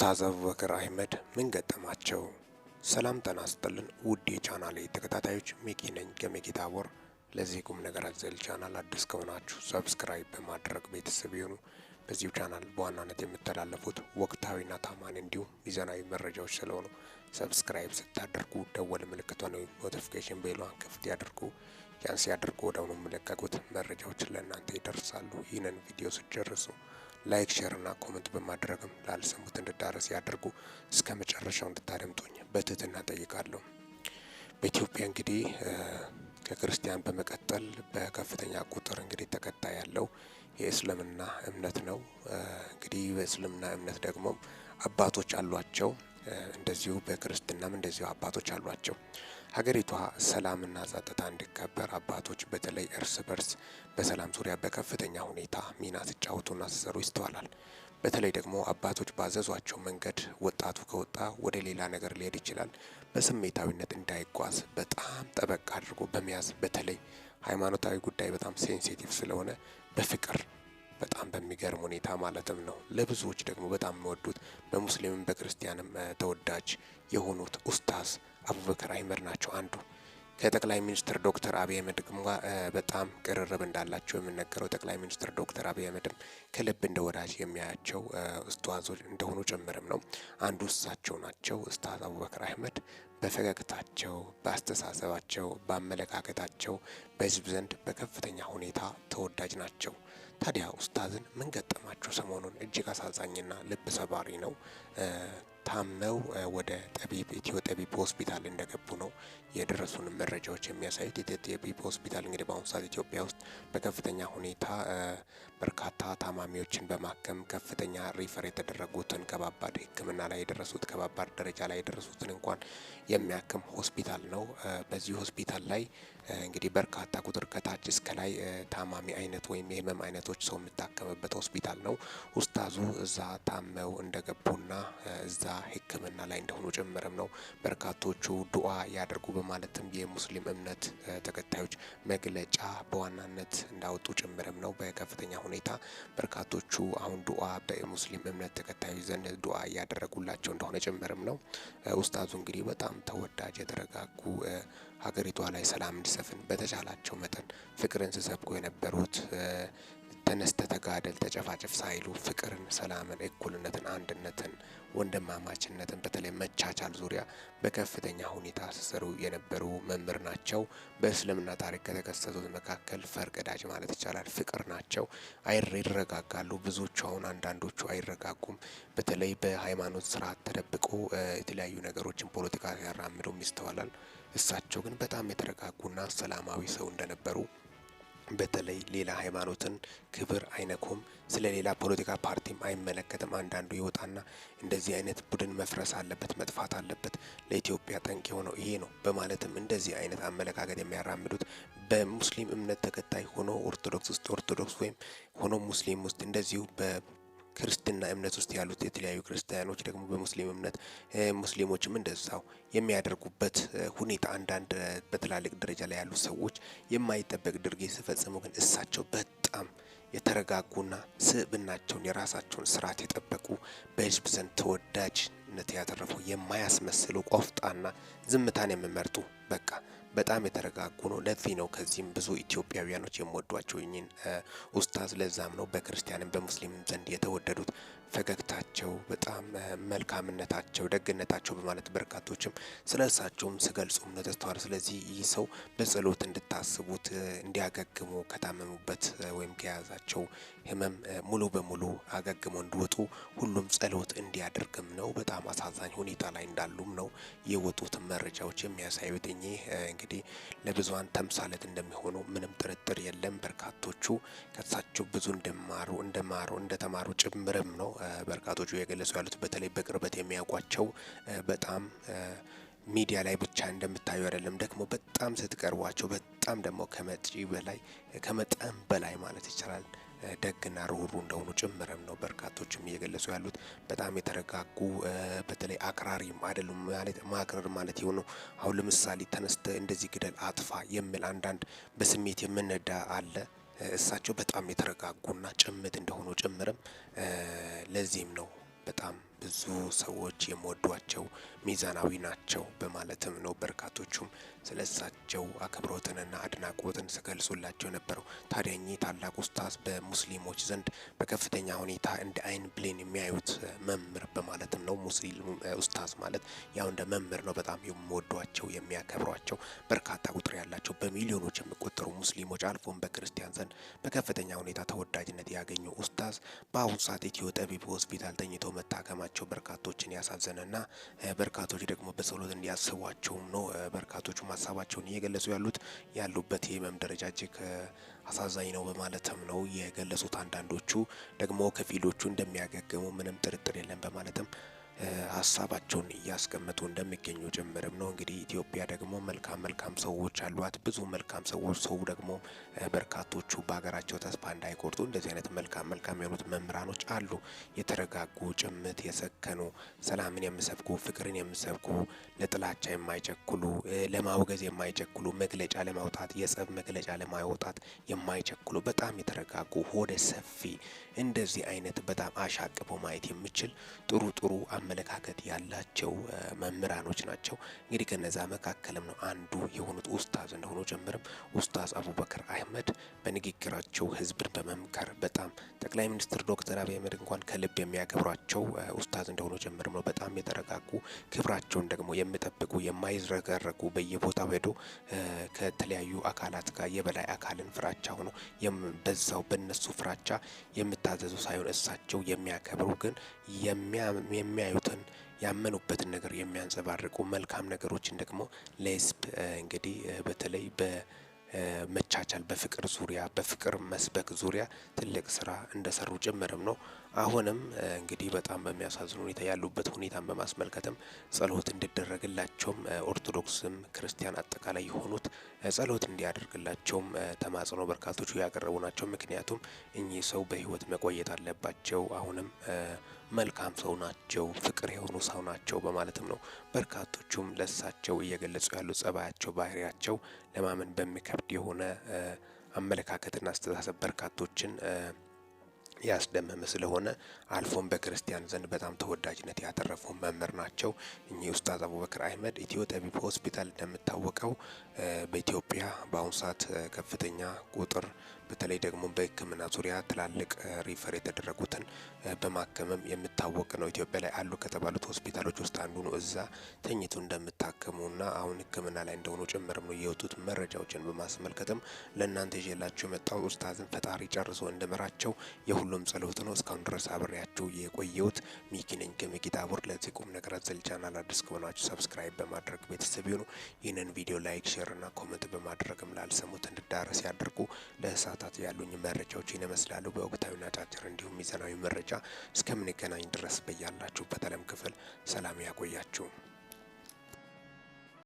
ኡስታዝ አቡበከር አህመድ ምን ገጠማቸው? ሰላም ጤና ውድ የቻናሌ ተከታታዮች፣ ሚኪ ነኝ ከሚኪታ ቦር። ለዚህ ቁም ነገር አዘል ቻናል አዲስ ከሆናችሁ ሰብስክራይብ በማድረግ ቤተሰብ የሆኑ በዚሁ ቻናል በዋናነት የሚተላለፉት ወቅታዊና ታማኝ እንዲሁም ሚዛናዊ መረጃዎች ስለሆኑ ሰብስክራይብ ስታደርጉ ደወል ምልክቷን ወይም ኖቲፊኬሽን ቤሏን ክፍት ያድርጉ። ያን ሲያደርጉ ወደአሁኑ የሚለቀቁት መረጃዎች ለእናንተ ይደርሳሉ። ይህንን ቪዲዮ ስጨርሱ ላይክ፣ ሼር እና ኮመንት በማድረግም ላልሰሙት እንድዳረስ ያድርጉ። እስከ መጨረሻው እንድታደምጡኝ በትህትና ጠይቃለሁ። በኢትዮጵያ እንግዲህ ከክርስቲያን በመቀጠል በከፍተኛ ቁጥር እንግዲህ ተከታይ ያለው የእስልምና እምነት ነው። እንግዲህ በእስልምና እምነት ደግሞ አባቶች አሏቸው። እንደዚሁ በክርስትናም እንደዚሁ አባቶች አሏቸው። ሀገሪቷ ሰላምና ጸጥታ እንዲከበር አባቶች በተለይ እርስ በርስ በሰላም ዙሪያ በከፍተኛ ሁኔታ ሚና ሲጫወቱና ሲሰሩ ይስተዋላል። በተለይ ደግሞ አባቶች ባዘዟቸው መንገድ ወጣቱ ከወጣ ወደ ሌላ ነገር ሊሄድ ይችላል። በስሜታዊነት እንዳይጓዝ በጣም ጠበቅ አድርጎ በመያዝ በተለይ ሃይማኖታዊ ጉዳይ በጣም ሴንሲቲቭ ስለሆነ በፍቅር በጣም በሚገርም ሁኔታ ማለትም ነው። ለብዙዎች ደግሞ በጣም የሚወዱት በሙስሊምም በክርስቲያንም ተወዳጅ የሆኑት ኡስታዝ አቡበከር አህመድ ናቸው አንዱ ከጠቅላይ ሚኒስትር ዶክተር አብይ አህመድ ጋር በጣም ቅርርብ እንዳላቸው የሚነገረው ጠቅላይ ሚኒስትር ዶክተር አብይ አህመድም ከልብ እንደ ወዳጅ የሚያያቸው ኡስታዞች እንደሆኑ ጭምርም ነው። አንዱ እሳቸው ናቸው። ኡስታዝ አቡበከር አህመድ በፈገግታቸው፣ በአስተሳሰባቸው፣ በአመለካከታቸው በህዝብ ዘንድ በከፍተኛ ሁኔታ ተወዳጅ ናቸው። ታዲያ ኡስታዝን ምን ገጠማቸው? ሰሞኑን እጅግ አሳዛኝና ልብ ሰባሪ ነው። ታመው ወደ ጠቢብ ኢትዮ ጠቢብ ሆስፒታል እንደገቡ ነው የደረሱን መረጃዎች የሚያሳዩት። ኢትዮ ጠቢብ ሆስፒታል እንግዲህ በአሁኑ ሰዓት ኢትዮጵያ ውስጥ በከፍተኛ ሁኔታ በርካታ ታማሚዎችን በማከም ከፍተኛ ሪፈር የተደረጉትን ከባባድ ሕክምና ላይ የደረሱት ከባባድ ደረጃ ላይ የደረሱትን እንኳን የሚያክም ሆስፒታል ነው። በዚህ ሆስፒታል ላይ እንግዲህ በርካታ ቁጥር ከታች እስከ ላይ ታማሚ አይነት ወይም የህመም አይነቶች ሰው የምታከምበት ሆስፒታል ነው። ኡስታዙ እዛ ታመው እንደገቡና እዛ ህክምና ላይ እንደሆኑ ጭምርም ነው በርካቶቹ ዱዓ ያደርጉ በማለትም የሙስሊም እምነት ተከታዮች መግለጫ በዋናነት እንዳወጡ ጭምርም ነው። በከፍተኛ ሁኔታ በርካቶቹ አሁን ዱዓ በሙስሊም እምነት ተከታዮች ዘንድ ዱዓ እያደረጉላቸው እንደሆነ ጭምርም ነው። ኡስታዙ እንግዲህ በጣም ተወዳጅ የተረጋጉ ሀገሪቷ ላይ ሰላም እንዲሰፍን በተቻላቸው መጠን ፍቅርን ሲሰብኩ የነበሩት ተነስተ ተጋደል ተጨፋጨፍ ሳይሉ ፍቅርን፣ ሰላምን፣ እኩልነትን፣ አንድነትን፣ ወንድማማችነትን በተለይ መቻቻል ዙሪያ በከፍተኛ ሁኔታ ሲሰሩ የነበሩ መምህር ናቸው። በእስልምና ታሪክ ከተከሰቱት መካከል ፈርቀዳጅ ማለት ይቻላል። ፍቅር ናቸው። ይረጋጋሉ። ብዙዎቹ አሁን አንዳንዶቹ አይረጋጉም። በተለይ በሃይማኖት ስርዓት ተደብቆ የተለያዩ ነገሮችን ፖለቲካ ሲያራምዱም ይስተዋላል። እሳቸው ግን በጣም የተረጋጉና ሰላማዊ ሰው እንደነበሩ በተለይ ሌላ ሃይማኖትን ክብር አይነኩም፣ ስለ ሌላ ፖለቲካ ፓርቲም አይመለከትም። አንዳንዱ ይወጣና እንደዚህ አይነት ቡድን መፍረስ አለበት፣ መጥፋት አለበት፣ ለኢትዮጵያ ጠንቅ የሆነው ይሄ ነው በማለትም እንደዚህ አይነት አመለካከት የሚያራምዱት በሙስሊም እምነት ተከታይ ሆኖ ኦርቶዶክስ ውስጥ ኦርቶዶክስ ወይም ሆኖ ሙስሊም ውስጥ እንደዚሁ በ ክርስትና እምነት ውስጥ ያሉት የተለያዩ ክርስቲያኖች ደግሞ በሙስሊም እምነት ሙስሊሞችም እንደዛው የሚያደርጉበት ሁኔታ አንዳንድ በትላልቅ ደረጃ ላይ ያሉ ሰዎች የማይጠበቅ ድርጊት ሲፈጽሙ ግን እሳቸው በጣም የተረጋጉና ስብዕናቸውን የራሳቸውን ስርዓት የጠበቁ በህዝብ ዘንድ ተወዳጅነት ያተረፉ የማያስመስሉ ቆፍጣና ዝምታን የሚመርጡ በቃ በጣም የተረጋጉ ነው። ለዚህ ነው ከዚህም ብዙ ኢትዮጵያውያኖች የሚወዷቸው እኚህን ኡስታዝ። ለዛም ነው በክርስቲያንም በሙስሊምም ዘንድ የተወደዱት ፈገግታቸው፣ በጣም መልካምነታቸው፣ ደግነታቸው በማለት በርካቶችም ስለ እሳቸውም ስገልጹም ነው ተስተዋል። ስለዚህ ይህ ሰው በጸሎት እንድታስቡት እንዲያገግሙ ከታመሙበት ወይም ከያዛቸው ህመም ሙሉ በሙሉ አገግሞ እንዲወጡ ሁሉም ጸሎት እንዲያደርግም ነው። በጣም አሳዛኝ ሁኔታ ላይ እንዳሉም ነው የወጡት መረጃዎች የሚያሳዩት እኚህ እንግዲህ ለብዙሀን ተምሳሌት እንደሚሆኑ ምንም ጥርጥር የለም። በርካቶቹ ከሳቸው ብዙ እንደማሩ እንደማሩ እንደተማሩ ጭምርም ነው በርካቶቹ የገለጹ ያሉት በተለይ በቅርበት የሚያውቋቸው በጣም ሚዲያ ላይ ብቻ እንደምታዩ አይደለም። ደግሞ በጣም ስትቀርቧቸው በጣም ደግሞ ከመጪ በላይ ከመጠን በላይ ማለት ይቻላል ደግና ሩሩ እንደሆኑ ጭምርም ነው በርካቶችም እየገለጹ ያሉት። በጣም የተረጋጉ በተለይ አክራሪም አይደሉም። ማለት ማክረር ማለት የሆኑ አሁን ለምሳሌ ተነስተ እንደዚህ ግደል አጥፋ የሚል አንዳንድ በስሜት የምነዳ አለ። እሳቸው በጣም የተረጋጉና ጭምት እንደሆኑ ጭምርም ለዚህም ነው በጣም ብዙ ሰዎች የሚወዷቸው ሚዛናዊ ናቸው በማለትም ነው በርካቶቹም ስለሳቸው አክብሮትንና አድናቆትን ሲገልጹላቸው ነበረው። ታዲያ እኚህ ታላቅ ኡስታዝ በሙስሊሞች ዘንድ በከፍተኛ ሁኔታ እንደ አይን ብሌን የሚያዩት መምህር በማለትም ነው ሙስሊም ኡስታዝ ማለት ያው እንደ መምህር ነው። በጣም የሚወዷቸው የሚያከብሯቸው በርካታ ቁጥር ያላቸው በሚሊዮኖች የሚቆጠሩ ሙስሊሞች አልፎም በክርስቲያን ዘንድ በከፍተኛ ሁኔታ ተወዳጅነት ያገኙ ኡስታዝ በአሁኑ ሰዓት ኢትዮ ጠቢብ ሆስፒታል ተኝተው መታከማ መቆማቸው በርካቶችን ያሳዘነና በርካቶች ደግሞ በጸሎት እንዲያስቧቸውም ነው። በርካቶቹ ሀሳባቸውን እየገለጹ ያሉት ያሉበት የህመም ደረጃ እጅግ አሳዛኝ ነው በማለትም ነው የገለጹት። አንዳንዶቹ ደግሞ ከፊሎቹ እንደሚያገግሙ ምንም ጥርጥር የለም በማለትም ሀሳባቸውን እያስቀመጡ እንደሚገኙ ጭምርም ነው። እንግዲህ ኢትዮጵያ ደግሞ መልካም መልካም ሰዎች አሏት። ብዙ መልካም ሰዎች ሰው ደግሞ በርካቶቹ በሀገራቸው ተስፋ እንዳይቆርጡ እንደዚህ አይነት መልካም መልካም የሆኑት መምህራኖች አሉ። የተረጋጉ ጭምት የሰከኑ ሰላምን የሚሰብኩ ፍቅርን የሚሰብኩ ለጥላቻ የማይቸኩሉ ለማውገዝ የማይቸኩሉ መግለጫ ለማውጣት የጸብ መግለጫ ለማውጣት የማይቸኩሉ በጣም የተረጋጉ ሆደ ሰፊ እንደዚህ አይነት በጣም አሻቅቦ ማየት የሚችል ጥሩ ጥሩ አመለካከት ያላቸው መምህራኖች ናቸው። እንግዲህ ከነዛ መካከልም ነው አንዱ የሆኑት ኡስታዝ እንደሆኑ ጀምርም ኡስታዝ አቡበክር አህመድ በንግግራቸው ህዝብን በመምከር በጣም ጠቅላይ ሚኒስትር ዶክተር አብይ አህመድ እንኳን ከልብ የሚያከብሯቸው ኡስታዝ እንደሆኑ ጀምርም ነው። በጣም የተረጋጉ ክብራቸውን ደግሞ የሚጠብቁ የማይዝረገረጉ በየቦታው ሄዶ ከተለያዩ አካላት ጋር የበላይ አካልን ፍራቻ ሆኖ በዛው በነሱ ፍራቻ የምታዘዙ ሳይሆን እሳቸው የሚያከብሩ ግን የሚያዩ ያሉትን ያመኑበትን ነገር የሚያንጸባርቁ መልካም ነገሮችን ደግሞ ለህዝብ እንግዲህ በተለይ መቻቻል በፍቅር ዙሪያ በፍቅር መስበክ ዙሪያ ትልቅ ስራ እንደሰሩ ጭምርም ነው። አሁንም እንግዲህ በጣም በሚያሳዝን ሁኔታ ያሉበት ሁኔታን በማስመልከትም ጸሎት እንዲደረግላቸውም ኦርቶዶክስም ክርስቲያን አጠቃላይ የሆኑት ጸሎት እንዲያደርግላቸውም ተማጽኖ በርካቶቹ ያቀረቡ ናቸው። ምክንያቱም እኚህ ሰው በህይወት መቆየት አለባቸው። አሁንም መልካም ሰው ናቸው፣ ፍቅር የሆኑ ሰው ናቸው በማለትም ነው በርካቶቹም ለሳቸው እየገለጹ ያሉ ጸባያቸው፣ ባህሪያቸው ለማመን በሚከብድ የሆነ አመለካከትና አስተሳሰብ በርካቶችን ያስደመመ ስለሆነ አልፎም በክርስቲያን ዘንድ በጣም ተወዳጅነት ያተረፉ መምህር ናቸው። እኚህ ኡስታዝ አቡበክር አህመድ ኢትዮ ጠቢብ ሆስፒታል እንደምታወቀው በኢትዮጵያ በአሁኑ ሰዓት ከፍተኛ ቁጥር በተለይ ደግሞ በሕክምና ዙሪያ ትላልቅ ሪፈር የተደረጉትን በማከምም የምታወቅ ነው። ኢትዮጵያ ላይ አሉ ከተባሉት ሆስፒታሎች ውስጥ አንዱ ነው። እዛ ተኝቶ እንደምታከሙና አሁን ሕክምና ላይ እንደሆኑ ጭምርም ነው የወጡት መረጃዎችን በማስመልከትም ለእናንተ ይዤላችሁ የመጣው ኡስታዝን ፈጣሪ ጨርሶ እንደመራቸው የሁሉም ጸሎት ነው። እስካሁን ድረስ አብሬያችሁ የቆየሁት ሚኪ ነኝ ከሚኪታ ቡር። ለዚህ ቁም ነገር አዘል ቻናል አዲስ ከሆናችሁ ሰብስክራይብ በማድረግ ቤተሰብ ይሁኑ። ይህንን ቪዲዮ ላይክ፣ ሼር ሼርና ኮመንት በማድረግም ላልሰሙት እንድዳረስ ያደርጉ ለእሳት ለሰዓታት ያሉኝ መረጃዎችን ይመስላሉ። በወቅታዊና አጫጭር እንዲሁም ሚዛናዊ መረጃ እስከምንገናኝ ድረስ በያላችሁበት ዓለም ክፍል ሰላም ያቆያችሁ።